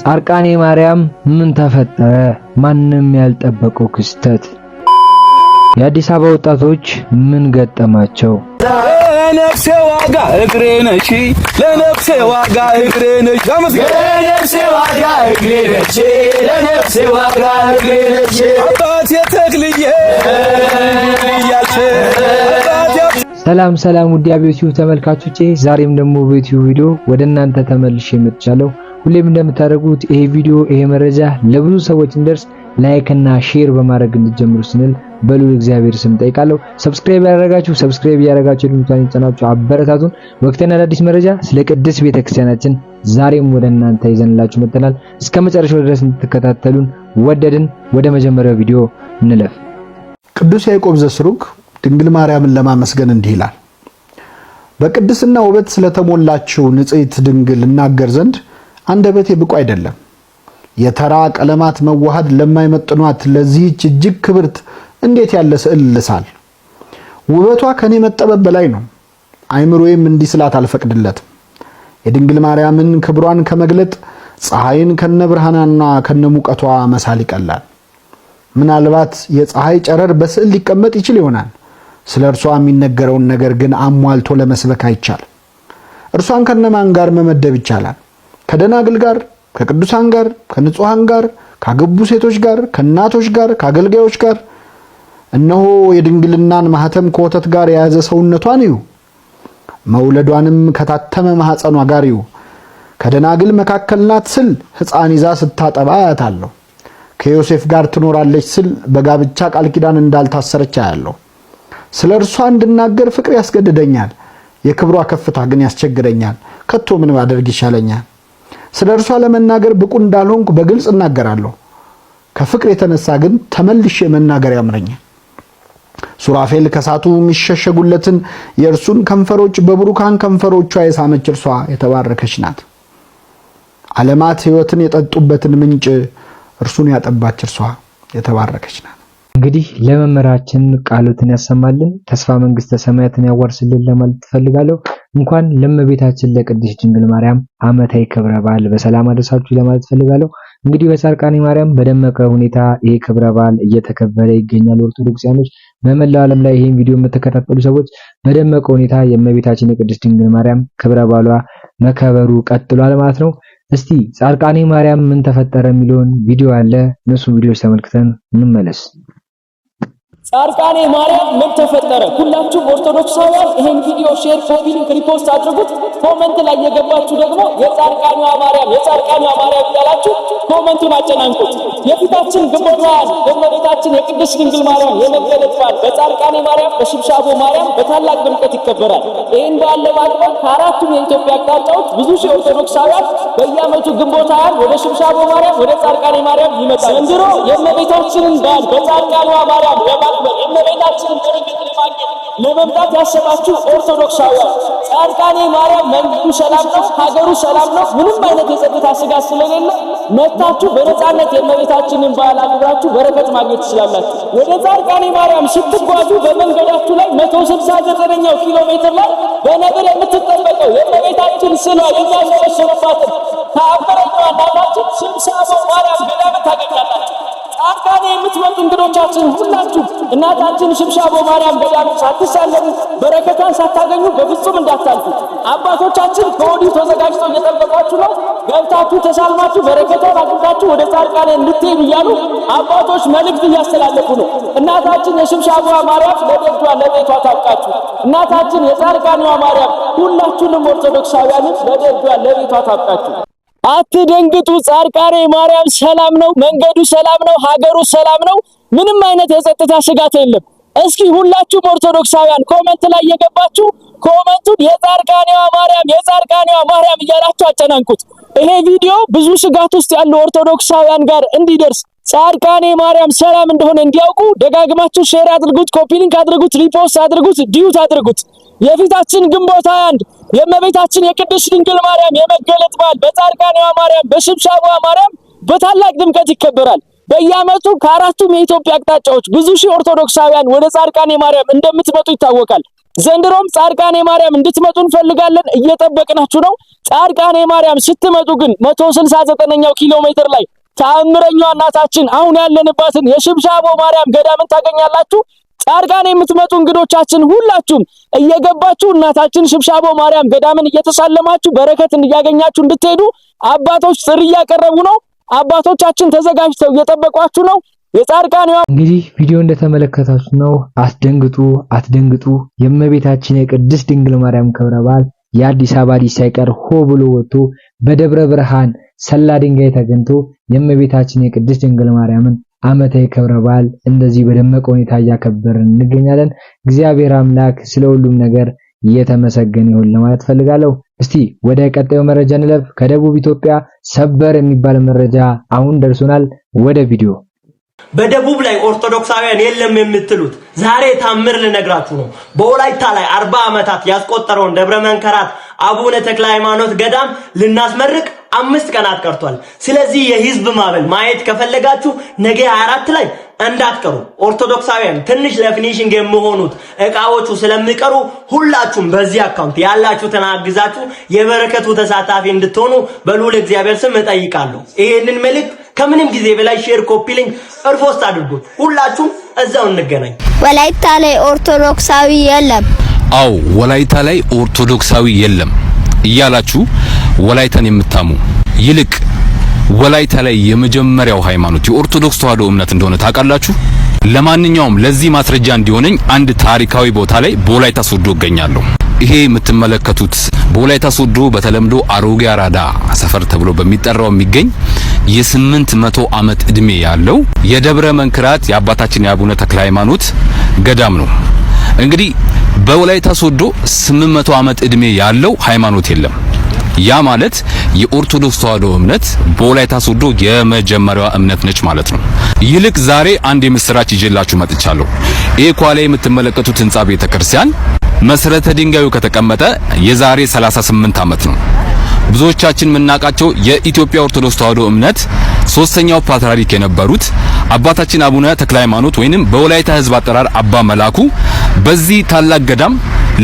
ጻርቃኔ ማርያም ምን ተፈጠረ? ማንም ያልጠበቀው ክስተት። የአዲስ አበባ ወጣቶች ምን ገጠማቸው? ለነፍሴ ዋጋ እግሬ ነሽ፣ ለነፍሴ ዋጋ እግሬ ነሽ፣ ለነፍሴ ዋጋ እግሬ ነሽ፣ ለነፍሴ ዋጋ እግሬ ነሽ። አባቴ ተክልዬ ሰላም ሰላም፣ ውድ የዩቲዩብ ተመልካቾቼ፣ ዛሬም ደግሞ በዩቲዩብ ቪዲዮ ወደ እናንተ ተመልሼ መጥቻለሁ። ሁሌም እንደምታደርጉት ይሄ ቪዲዮ ይሄ መረጃ ለብዙ ሰዎች እንደርስ ላይክ እና ሼር በማድረግ እንድጀምሩ ስንል በሉል እግዚአብሔር ስም ጠይቃለሁ። ሰብስክራይብ ያደረጋችሁ ሰብስክራይብ ያደረጋችሁ ድምቷን ይጫናችሁ አበረታቱን። ወቅታዊና አዳዲስ መረጃ ስለ ቅድስት ቤተክርስቲያናችን ዛሬም ወደ እናንተ ይዘንላችሁ መጥተናል። እስከ መጨረሻው ድረስ እንድትከታተሉን ወደድን። ወደ መጀመሪያው ቪዲዮ እንለፍ። ቅዱስ ያዕቆብ ዘስሩግ ድንግል ማርያምን ለማመስገን እንዲህ ይላል። በቅድስና ውበት ስለተሞላችው ንጽሕት ድንግል እናገር ዘንድ አንደበቴ ብቁ አይደለም። የተራ ቀለማት መዋሃድ ለማይመጥኗት ለዚህች እጅግ ክብርት እንዴት ያለ ስዕል ልሳል? ውበቷ ከኔ መጠበብ በላይ ነው። አይምሮዬም እንዲህ ስላት አልፈቅድለትም። የድንግል ማርያምን ክብሯን ከመግለጥ ፀሐይን ከነ ብርሃናና ከነ ሙቀቷ መሳል ይቀላል። ምናልባት የፀሐይ ጨረር በስዕል ሊቀመጥ ይችል ይሆናል። ስለ እርሷ የሚነገረውን ነገር ግን አሟልቶ ለመስበክ አይቻልም። እርሷን ከነማን ጋር መመደብ ይቻላል? ከደናግል ጋር፣ ከቅዱሳን ጋር፣ ከንጹሐን ጋር፣ ካገቡ ሴቶች ጋር፣ ከእናቶች ጋር፣ ከአገልጋዮች ጋር እነሆ የድንግልናን ማህተም ከወተት ጋር የያዘ ሰውነቷን እዩ። መውለዷንም ከታተመ ማህፀኗ ጋር እዩ። ከደናግል መካከል ናት ስል ሕፃን ይዛ ስታጠባ አያታለሁ። ከዮሴፍ ጋር ትኖራለች ስል በጋብቻ ቃል ኪዳን እንዳልታሰረች አያለሁ። ስለ እርሷ እንድናገር ፍቅር ያስገድደኛል፣ የክብሯ ከፍታ ግን ያስቸግረኛል። ከቶ ምን ባደርግ ይሻለኛል? ስለ እርሷ ለመናገር ብቁ እንዳልሆንኩ በግልጽ እናገራለሁ። ከፍቅር የተነሳ ግን ተመልሼ መናገር ያምረኛል። ሱራፌል ከሳቱ የሚሸሸጉለትን የእርሱን ከንፈሮች በብሩካን ከንፈሮቿ የሳመች እርሷ የተባረከች ናት። ዓለማት ሕይወትን የጠጡበትን ምንጭ እርሱን ያጠባች እርሷ የተባረከች ናት። እንግዲህ ለመምህራችን ቃሎትን ያሰማልን፣ ተስፋ መንግስተ ሰማያትን ያዋርስልን ለማለት ትፈልጋለሁ። እንኳን ለእመቤታችን ለቅድስት ድንግል ማርያም ዓመታዊ ክብረ በዓል በሰላም አደረሳችሁ ለማለት ፈልጋለሁ። እንግዲህ በጻድቃኔ ማርያም በደመቀ ሁኔታ ይሄ ክብረ በዓል እየተከበረ ይገኛል። ኦርቶዶክሳኖች በመላው ዓለም ላይ ይሄን ቪዲዮ የምትከታተሉ ሰዎች በደመቀ ሁኔታ የእመቤታችን የቅድስት ድንግል ማርያም ክብረ በዓሏ መከበሩ ቀጥሏል ማለት ነው። እስቲ ጻድቃኔ ማርያም ምን ተፈጠረ የሚለውን ቪዲዮ አለ፣ እነሱን ቪዲዮዎች ተመልክተን እንመለስ። ጻድቃኔ ማርያም ምን ተፈጠረ? ሁላችሁም ኦርቶዶክሳውያን ይሄን ቪዲዮ ሼር፣ ኮፒ ሊንክ፣ ሪፖስት አድርጉት። ኮመንት ላይ የገባችሁ ደግሞ የጻድቃኔ ማርያም የጻድቃኔ ማርያም እያላችሁ ኮመንቱን አጨናንቁት። የፊታችን ግንቦት ሃያን የእመቤታችን የቅድስት ድንግል ማርያም የመገለጥ በዓል በጻድቃኔ ማርያም በሽብሻቦ ማርያም በታላቅ ድምቀት ይከበራል። ይህን በዓል ለማክበር ከአራቱም የኢትዮጵያ አቅጣጫዎች ብዙ ሺህ ኦርቶዶክሳውያን በየዓመቱ ግንቦት ሃያን ወደ ሽብሻቦ ማርያም ወደ ጻድቃኔ ማርያም ይመጣል። ዘንድሮ የእመቤታችንን በዓል በጻድቃኔ ማርያም ለመቀበል እመቤታችንን በረከት ለማግኘት ለመምጣት ያሰባችሁ ኦርቶዶክሳውያን ጻድቃኔ ማርያም መንገዱ ሰላም ነው፣ ሀገሩ ሰላም ነው። ምንም አይነት የጸጥታ ስጋት ስለሌለ መታችሁ በነፃነት የእመቤታችንን በዓል አክብራችሁ በረከት ማግኘት ትችላላችሁ። ወደ ጻድቃኔ ማርያም ስትጓዙ በመንገዳችሁ ላይ መቶ ስልሳ ዘጠነኛው ኪሎ ሜትር ላይ በነብር የምትጠበቀው የእመቤታችን ስዕሏ የሚያሸበሽብባትን ከአበረቷ እናታችን ስብሰባ ማርያም ገዳም ታገኛላችሁ። በአካል የምትመጡ እንግዶቻችን ሁላችሁ እናታችን ሽብሻ ማርያም ገዳም ሳትሳለሙ በረከቷን ሳታገኙ በፍጹም እንዳታልፉ። አባቶቻችን ከወዲሁ ተዘጋጅተው እየጠበቋችሁ ነው። ገብታችሁ ተሳልማችሁ በረከቷን አግኝታችሁ ወደ ጻድቃን እንድትሄዱ እያሉ አባቶች መልእክት እያስተላለፉ ነው። እናታችን የሽብሻ ማርያም ለቤቷ ለቤቷ ታብቃችሁ። እናታችን የጻድቃኗ ማርያም ሁላችሁንም ኦርቶዶክሳውያንን ለቤቷ ለቤቷ ታብቃችሁ። አትደንግጡ። ጻድቃኔ ማርያም ሰላም ነው፣ መንገዱ ሰላም ነው፣ ሀገሩ ሰላም ነው። ምንም አይነት የጸጥታ ስጋት የለም። እስኪ ሁላችሁም ኦርቶዶክሳውያን ኮመንት ላይ የገባችሁ ኮመንቱን የጻድቃኔዋ ማርያም የጻድቃኔዋ ማርያም እያላችሁ አጨናንቁት። ይሄ ቪዲዮ ብዙ ስጋት ውስጥ ያሉ ኦርቶዶክሳውያን ጋር እንዲደርስ ጻድቃኔ ማርያም ሰላም እንደሆነ እንዲያውቁ ደጋግማችሁ ሼር አድርጉት፣ ኮፒ ሊንክ አድርጉት፣ ሪፖስት አድርጉት፣ ዲዩት አድርጉት። የፊታችን ግንቦት አንድ የእመቤታችን የቅድስት ድንግል ማርያም የመገለጥ በዓል በጻድቃኔዋ ማርያም በሽብሻቧ ማርያም በታላቅ ድምቀት ይከበራል። በየዓመቱ ከአራቱም የኢትዮጵያ አቅጣጫዎች ብዙ ሺህ ኦርቶዶክሳውያን ወደ ጻድቃኔ ማርያም እንደምትመጡ ይታወቃል። ዘንድሮም ጻድቃኔ ማርያም እንድትመጡ እንፈልጋለን፣ እየጠበቅናችሁ ነው። ጻድቃኔ ማርያም ስትመጡ ግን ስልሳ ዘጠነኛው ኪሎ ሜትር ላይ ተአምረኛዋ እናታችን አሁን ያለንባትን የሽብሻቦ ማርያም ገዳምን ታገኛላችሁ። ጻድቃን የምትመጡ እንግዶቻችን ሁላችሁም እየገባችሁ እናታችን ሽብሻቦ ማርያም ገዳምን እየተሳለማችሁ በረከት እያገኛችሁ እንድትሄዱ አባቶች ጥሪ እያቀረቡ ነው። አባቶቻችን ተዘጋጅተው እየጠበቋችሁ ነው። የጻድቃን እንግዲህ ቪዲዮ እንደተመለከታችሁ ነው። አስደንግጡ አትደንግጡ። የእመቤታችን የቅድስት ድንግል ማርያም ክብረ በዓል የአዲስ አበባ ልጅ ሳይቀር ሆ ብሎ ወጥቶ በደብረ ብርሃን ሰላ ድንጋይ ተገኝቶ የእመቤታችን የቅድስት ድንግል ማርያምን ዓመታዊ ክብረ በዓል እንደዚህ በደመቀ ሁኔታ እያከበርን እንገኛለን። እግዚአብሔር አምላክ ስለ ሁሉም ነገር የተመሰገነ ይሁን ለማለት ፈልጋለሁ። እስቲ ወደ ቀጣዩ መረጃ እንለፍ። ከደቡብ ኢትዮጵያ ሰበር የሚባል መረጃ አሁን ደርሶናል። ወደ ቪዲዮ በደቡብ ላይ ኦርቶዶክሳውያን የለም የምትሉት ዛሬ ታምር ልነግራችሁ ነው። በወላይታ ላይ አርባ ዓመታት ያስቆጠረውን ደብረ መንከራት አቡነ ተክለ ሃይማኖት ገዳም ልናስመርቅ አምስት ቀናት ቀርቷል። ስለዚህ የህዝብ ማዕበል ማየት ከፈለጋችሁ ነገ 24 ላይ እንዳትቀሩ። ኦርቶዶክሳውያን ትንሽ ለፊኒሽንግ የሚሆኑት እቃዎቹ ስለሚቀሩ ሁላችሁም በዚህ አካውንት ያላችሁ ተናግዛችሁ የበረከቱ ተሳታፊ እንድትሆኑ በልዑል እግዚአብሔር ስም እጠይቃለሁ። ይሄንን መልእክት ከምንም ጊዜ በላይ ሼር፣ ኮፒ ሊንክ፣ ሪፖስት አድርጉት። ሁላችሁም እዛው እንገናኝ። ወላይታ ላይ ኦርቶዶክሳዊ የለም። አዎ ወላይታ ላይ ኦርቶዶክሳዊ የለም። እያላችሁ ወላይታን የምታሙ ይልቅ ወላይታ ላይ የመጀመሪያው ሃይማኖት የኦርቶዶክስ ተዋህዶ እምነት እንደሆነ ታውቃላችሁ። ለማንኛውም ለዚህ ማስረጃ እንዲሆነኝ አንድ ታሪካዊ ቦታ ላይ በወላይታ ሶዶ እገኛለሁ። ይሄ የምትመለከቱት በወላይታ ሶዶ በተለምዶ አሮጌ አራዳ ሰፈር ተብሎ በሚጠራው የሚገኝ የስምንት መቶ ዓመት እድሜ ያለው የደብረ መንክራት የአባታችን የአቡነ ተክለ ሃይማኖት ገዳም ነው። እንግዲህ በወላይታ ሶዶ 800 ዓመት እድሜ ያለው ሃይማኖት የለም። ያ ማለት የኦርቶዶክስ ተዋህዶ እምነት በወላይታ ሶዶ የመጀመሪያዋ እምነት ነች ማለት ነው። ይልቅ ዛሬ አንድ የምስራች ይዤላችሁ መጥቻለሁ። ይሄ ኳላ የምትመለከቱት ህንጻ ቤተ ክርስቲያን መሰረተ ድንጋዩ ከተቀመጠ የዛሬ 38 ዓመት ነው። ብዙዎቻችን የምናውቃቸው የኢትዮጵያ ኦርቶዶክስ ተዋዶ እምነት ሶስተኛው ፓትርያርክ የነበሩት አባታችን አቡነ ተክለ ሃይማኖት ወይንም በወላይታ ህዝብ አጠራር አባ መላኩ በዚህ ታላቅ ገዳም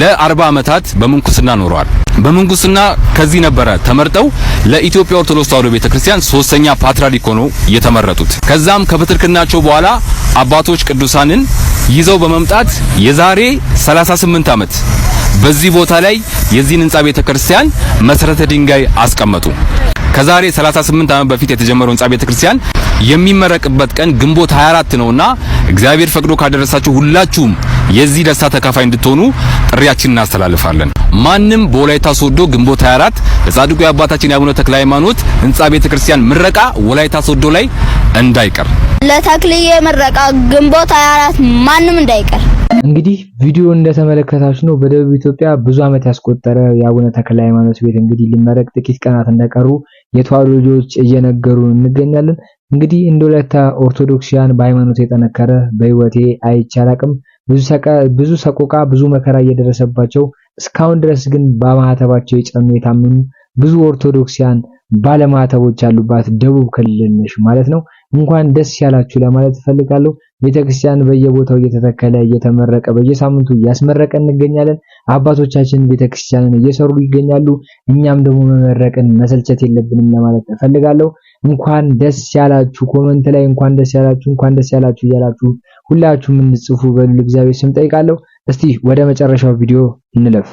ለአርባ ዓመታት በምንኩስና ኖረዋል። በምንኩስና ከዚህ ነበረ ተመርጠው ለኢትዮጵያ ኦርቶዶክስ ተዋሕዶ ቤተክርስቲያን ሶስተኛ ፓትርያርክ ሆነው የተመረጡት። ከዛም ከብትርክናቸው በኋላ አባቶች ቅዱሳንን ይዘው በመምጣት የዛሬ 38 ዓመት በዚህ ቦታ ላይ የዚህን ህንጻ ቤተክርስቲያን መሰረተ ድንጋይ አስቀመጡ። ከዛሬ 38 ዓመት በፊት የተጀመረው ህንጻ ቤተክርስቲያን የሚመረቅበት ቀን ግንቦት 24 ነውና እግዚአብሔር ፈቅዶ ካደረሳችሁ ሁላችሁም የዚህ ደስታ ተካፋይ እንድትሆኑ ጥሪያችን እናስተላልፋለን። ማንም በወላይታ ሶዶ ግንቦት 24 ለጻድቁ የአባታችን የአቡነ ተክለ ሃይማኖት ህንጻ ቤተክርስቲያን ምረቃ ወላይታ ሶዶ ላይ እንዳይቀር። ለተክልዬ ምረቃ ግንቦት 24 ማንም እንዳይቀር። እንግዲህ ቪዲዮ እንደተመለከታችሁ ነው በደቡብ ኢትዮጵያ ብዙ ዓመት ያስቆጠረ የአቡነ ተክለ ሃይማኖት ቤት እንግዲህ ሊመረቅ ጥቂት ቀናት እንደቀሩ የተዋሕዶ ልጆች እየነገሩ እንገኛለን። እንግዲህ እንደ ወላይታ ኦርቶዶክሲያን በሃይማኖት የጠነከረ በህይወቴ አይቼ ብዙ ሰቆቃ፣ ብዙ መከራ እየደረሰባቸው እስካሁን ድረስ ግን በማህተባቸው የጸኑ የታመኑ ብዙ ኦርቶዶክሲያን ባለማህተቦች ያሉባት ደቡብ ክልል ነሽ ማለት ነው። እንኳን ደስ ያላችሁ ለማለት እፈልጋለሁ። ቤተክርስቲያን በየቦታው እየተተከለ እየተመረቀ በየሳምንቱ እያስመረቀ እንገኛለን። አባቶቻችን ቤተክርስቲያንን እየሰሩ ይገኛሉ። እኛም ደግሞ መመረቅን መሰልቸት የለብንም ለማለት እፈልጋለሁ። እንኳን ደስ ያላችሁ። ኮመንት ላይ እንኳን ደስ ያላችሁ፣ እንኳን ደስ ያላችሁ እያላችሁ ሁላችሁም እንጽፉ በሉ እግዚአብሔር ስም ጠይቃለሁ። እስቲ ወደ መጨረሻው ቪዲዮ እንለፍ።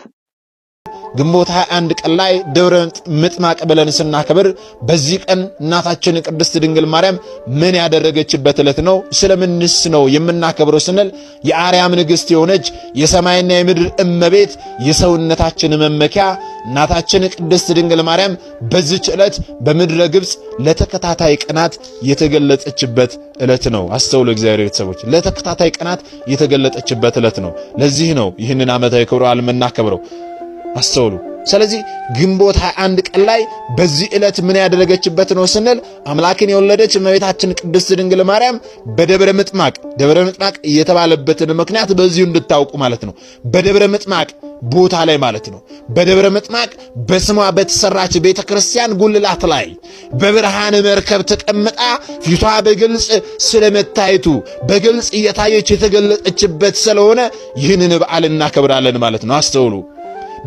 ግንቦት 21 ቀን ላይ ደብረ ምጥማቅ ብለን ስናከብር በዚህ ቀን እናታችን ቅድስት ድንግል ማርያም ምን ያደረገችበት ዕለት ነው? ስለምንስ ነው የምናከብረው ስንል የአርያም ንግሥት የሆነች የሰማይና የምድር እመቤት የሰውነታችን መመኪያ እናታችን ቅድስት ድንግል ማርያም በዚች ዕለት በምድረ ግብፅ ለተከታታይ ቀናት የተገለጸችበት ዕለት ነው። አስተውሎ እግዚአብሔር ቤተሰቦች ለተከታታይ ቀናት የተገለጠችበት ዕለት ነው። ለዚህ ነው ይህንን ዓመታዊ ክብረ በዓል የምናከብረው። አስተውሉ። ስለዚህ ግንቦት 21 ቀን ላይ በዚህ ዕለት ምን ያደረገችበት ነው ስንል አምላክን የወለደች እመቤታችን ቅድስት ድንግል ማርያም በደብረ ምጥማቅ ደብረ ምጥማቅ እየተባለበትን ምክንያት በዚሁ እንድታውቁ ማለት ነው። በደብረ ምጥማቅ ቦታ ላይ ማለት ነው። በደብረ ምጥማቅ በስሟ በተሰራች ቤተ ክርስቲያን ጉልላት ላይ በብርሃን መርከብ ተቀምጣ ፊቷ በግልጽ ስለመታየቱ በግልጽ እየታየች የተገለጠችበት ስለሆነ ይህንን በዓል እናከብራለን ማለት ነው። አስተውሉ።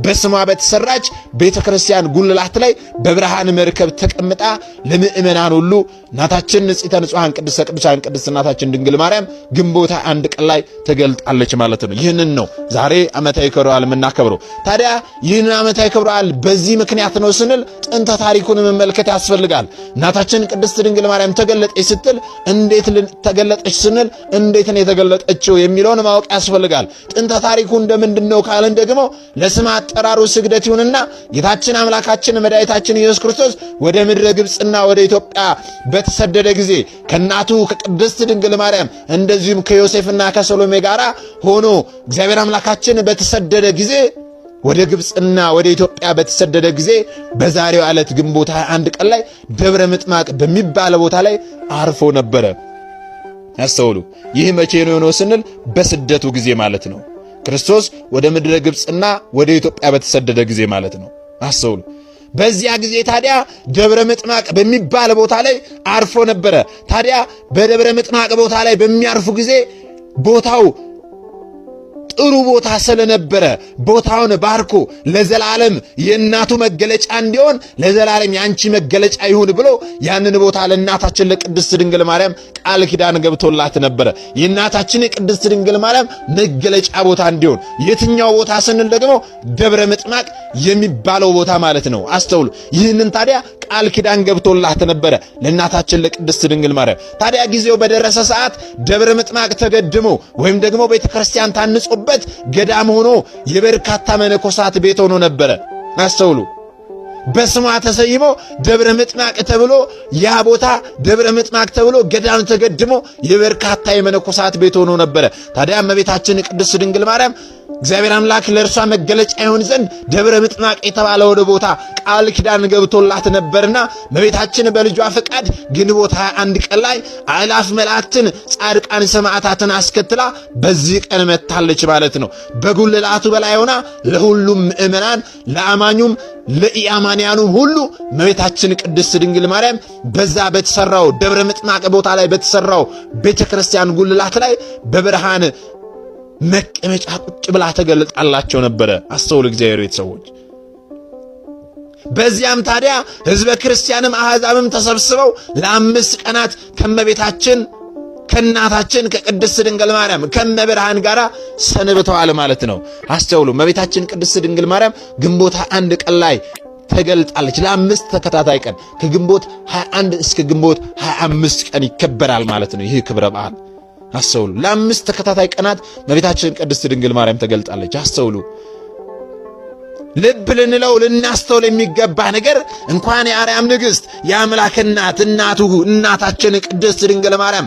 በስሟ በተሰራች ቤተ ክርስቲያን ጉልላት ላይ በብርሃን መርከብ ተቀምጣ ለምእመናን ሁሉ እናታችን ንጽሕተ ንጹሐን ቅድስተ ቅዱሳን ቅድስት እናታችን ድንግል ማርያም ግንቦታ አንድ ቀን ላይ ተገልጣለች ማለት ነው። ይህንን ነው ዛሬ ዓመታዊ ክብረ በዓል የምናከብረው። ታዲያ ይህን ዓመታዊ ክብረ በዓል በዚህ ምክንያት ነው ስንል ጥንተ ታሪኩን መመልከት ያስፈልጋል። እናታችን ቅድስት ድንግል ማርያም ተገለጠች ስትል እንዴት ተገለጠች ስንል እንዴት ነው የተገለጠችው የሚለውን ማወቅ ያስፈልጋል። ጥንተ ታሪኩ እንደምንድን ነው ካልን ደግሞ ለስማ አጠራሩ ስግደት ይሁንና ጌታችን አምላካችን መድኃኒታችን ኢየሱስ ክርስቶስ ወደ ምድረ ግብፅና ወደ ኢትዮጵያ በተሰደደ ጊዜ ከእናቱ ከቅድስት ድንግል ማርያም እንደዚሁም ከዮሴፍና ከሰሎሜ ጋር ሆኖ እግዚአብሔር አምላካችን በተሰደደ ጊዜ ወደ ግብፅና ወደ ኢትዮጵያ በተሰደደ ጊዜ በዛሬው ዕለት ግንቦት አንድ ቀን ላይ ደብረ ምጥማቅ በሚባለ ቦታ ላይ አርፎ ነበረ። ያስተውሉ። ይህ መቼ ነው የሆነው ስንል በስደቱ ጊዜ ማለት ነው። ክርስቶስ ወደ ምድረ ግብፅና ወደ ኢትዮጵያ በተሰደደ ጊዜ ማለት ነው። አስተውሉ። በዚያ ጊዜ ታዲያ ደብረ ምጥማቅ በሚባል ቦታ ላይ አርፎ ነበረ። ታዲያ በደብረ ምጥማቅ ቦታ ላይ በሚያርፉ ጊዜ ቦታው ጥሩ ቦታ ስለነበረ ቦታውን ባርኮ ለዘላለም የእናቱ መገለጫ እንዲሆን ለዘላለም የአንቺ መገለጫ ይሁን ብሎ ያንን ቦታ ለእናታችን ለቅድስት ድንግል ማርያም ቃል ኪዳን ገብቶላት ነበረ። የእናታችን የቅድስት ድንግል ማርያም መገለጫ ቦታ እንዲሆን የትኛው ቦታ ስንል ደግሞ ደብረ ምጥማቅ የሚባለው ቦታ ማለት ነው። አስተውሉ። ይህንን ታዲያ ቃል ኪዳን ገብቶላት ነበረ ለእናታችን ለቅድስት ድንግል ማርያም። ታዲያ ጊዜው በደረሰ ሰዓት ደብረ ምጥማቅ ተገድሞ ወይም ደግሞ ቤተክርስቲያን ታንጾ የሚኖሩበት ገዳም ሆኖ የበርካታ መነኮሳት ቤት ሆኖ ነበረ። አስተውሉ። በስሟ ተሰይሞ ደብረ ምጥማቅ ተብሎ ያ ቦታ ደብረ ምጥማቅ ተብሎ ገዳም ተገድሞ የበርካታ የመነኮሳት ቤት ሆኖ ነበረ። ታዲያ እመቤታችን ቅድስት ድንግል ማርያም እግዚአብሔር አምላክ ለእርሷ መገለጫ ይሆን ዘንድ ደብረ ምጥማቅ የተባለ ወደ ቦታ ቃል ኪዳን ገብቶላት ነበርና መቤታችን በልጇ ፈቃድ ግንቦት 21 ቀን ላይ አእላፍ መላእክትን፣ ጻድቃን ሰማዕታትን አስከትላ በዚህ ቀን መታለች ማለት ነው። በጉልላቱ በላይ ሆና ለሁሉም ምእመናን ለአማኙም ለኢአማንያኑም ሁሉ መቤታችን ቅድስት ድንግል ማርያም በዛ በተሰራው ደብረ ምጥማቅ ቦታ ላይ በተሰራው ቤተ ክርስቲያን ጉልላት ላይ በብርሃን መቀመጫ ቁጭ ብላ ተገለጣላቸው ነበረ። አስተውል እግዚአብሔር ቤተሰቦች። በዚያም ታዲያ ህዝበ ክርስቲያንም አሕዛብም ተሰብስበው ለአምስት ቀናት ከመቤታችን ከእናታችን ከቅድስት ድንግል ማርያም ከመብርሃን ጋር ሰንብተዋል ማለት ነው። አስተውሉ። መቤታችን ቅድስት ድንግል ማርያም ግንቦት አንድ ቀን ላይ ተገልጣለች። ለአምስት ተከታታይ ቀን ከግንቦት 21 እስከ ግንቦት 25 ቀን ይከበራል ማለት ነው ይህ ክብረ በዓል። አስተውሉ። ለአምስት ተከታታይ ቀናት እመቤታችን ቅድስት ድንግል ማርያም ተገልጣለች። አስተውሉ። ልብ ልንለው ልናስተውል የሚገባ ነገር እንኳን የአርያም ንግሥት የአምላክ እናት እናቱ እናታችን ቅድስት ድንግል ማርያም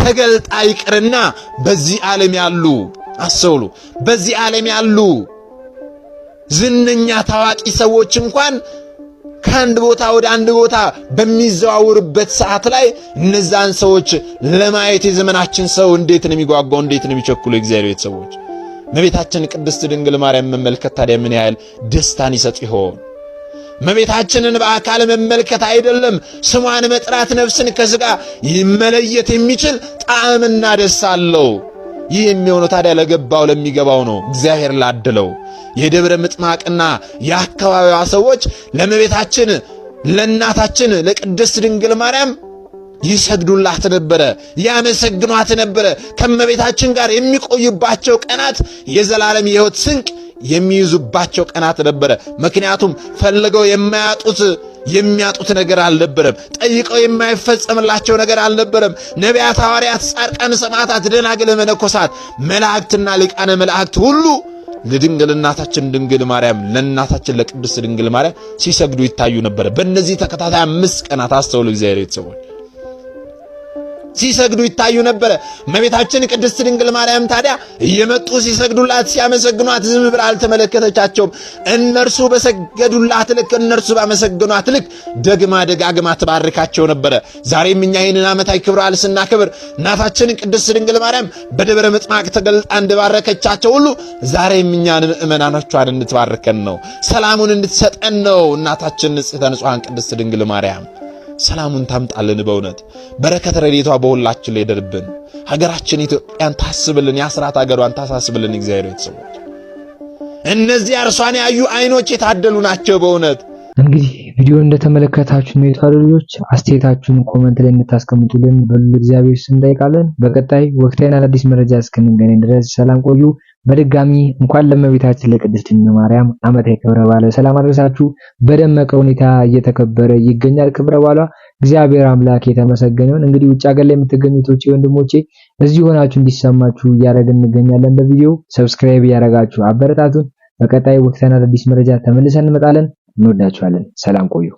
ተገልጣ ይቅርና በዚህ ዓለም ያሉ አስተውሉ፣ በዚህ ዓለም ያሉ ዝነኛ ታዋቂ ሰዎች እንኳን ከአንድ ቦታ ወደ አንድ ቦታ በሚዘዋውርበት ሰዓት ላይ እነዛን ሰዎች ለማየት የዘመናችን ሰው እንዴት ነው የሚጓጓው? እንዴት ነው የሚቸኩሉ? እግዚአብሔር ሰዎች መቤታችን ቅድስት ድንግል ማርያም መመልከት ታዲያ ምን ያህል ደስታን ይሰጥ ይሆን? መቤታችንን በአካል መመልከት አይደለም ስሟን መጥራት ነፍስን ከሥጋ ይመለየት የሚችል ጣዕምና ደስ አለው። ይህ የሚሆነው ታዲያ ለገባው ለሚገባው ነው፣ እግዚአብሔር ላድለው የደብረ ምጥማቅና የአካባቢዋ ሰዎች ለመቤታችን ለእናታችን ለቅድስት ድንግል ማርያም ይሰግዱላት ነበረ፣ ያመሰግኗት ነበረ። ከመቤታችን ጋር የሚቆዩባቸው ቀናት የዘላለም የሕይወት ስንቅ የሚይዙባቸው ቀናት ነበረ። ምክንያቱም ፈልገው የማያጡት የሚያጡት ነገር አልነበረም። ጠይቀው የማይፈጸምላቸው ነገር አልነበረም። ነቢያት፣ ሐዋርያት፣ ጻድቃን፣ ሰማዕታት፣ ደናግል፣ መነኮሳት፣ መላእክትና ሊቃነ መላእክት ሁሉ ለድንግል እናታችን ድንግል ማርያም ለእናታችን ለቅድስት ድንግል ማርያም ሲሰግዱ ይታዩ ነበር። በእነዚህ ተከታታይ አምስት ቀናት አስተውሉ እግዚአብሔር ቤተሰቦች ሲሰግዱ ይታዩ ነበረ። እመቤታችን ቅድስት ድንግል ማርያም ታዲያ እየመጡ ሲሰግዱላት ሲያመሰግኗት ዝም ብላ አልተመለከተቻቸውም። እነርሱ በሰገዱላት ልክ፣ እነርሱ ባመሰግኗት ልክ ደግማ ደጋግማ ትባርካቸው ነበረ። ዛሬም እኛ ይህንን ዓመታዊ ክብረ በዓል ስናከብር እናታችን ቅድስት ድንግል ማርያም በደብረ ምጥማቅ ተገልጣ እንደባረከቻቸው ሁሉ ዛሬም እኛን ምእመናኖቿን እንድትባርከን ነው፣ ሰላሙን እንድትሰጠን ነው እናታችን ንጽሕተ ንጹሐን ቅድስት ድንግል ማርያም። ሰላሙን ታምጣልን። በእውነት በረከት ረድኤቷ በሁላችን ላይ ይደርብን። ሀገራችን ኢትዮጵያን ታስብልን፣ የአስራት ሀገሯን ታሳስብልን። እግዚአብሔር ቤተሰቦች እነዚህ እርሷን ያዩ አይኖች የታደሉ ናቸው። በእውነት እንግዲህ ቪዲዮ እንደተመለከታችሁ ነው የታሉ ልጆች፣ አስተያየታችሁን ኮመንት ላይ እንድታስቀምጡልን በሉ እግዚአብሔር ስም እንጠይቃለን። በቀጣይ ወቅታዊን አዳዲስ መረጃ እስክንገናኝ ድረስ ሰላም ቆዩ። በድጋሚ እንኳን ለመቤታችን ለቅድስት ድንግል ማርያም ዓመታዊ ክብረ በዓል ሰላም አድረሳችሁ። በደመቀ ሁኔታ እየተከበረ ይገኛል ክብረ በዓሏ። እግዚአብሔር አምላክ የተመሰገነውን። እንግዲህ ውጭ ሀገር ላይ የምትገኙ እህቶቼ ወንድሞቼ፣ እዚህ ሆናችሁ እንዲሰማችሁ እያደረግን እንገኛለን። በቪዲዮ ሰብስክራይብ እያደረጋችሁ አበረታቱን። በቀጣይ ወቅታዊና አዳዲስ መረጃ ተመልሰን እንመጣለን። እንወዳችኋለን። ሰላም ቆዩ።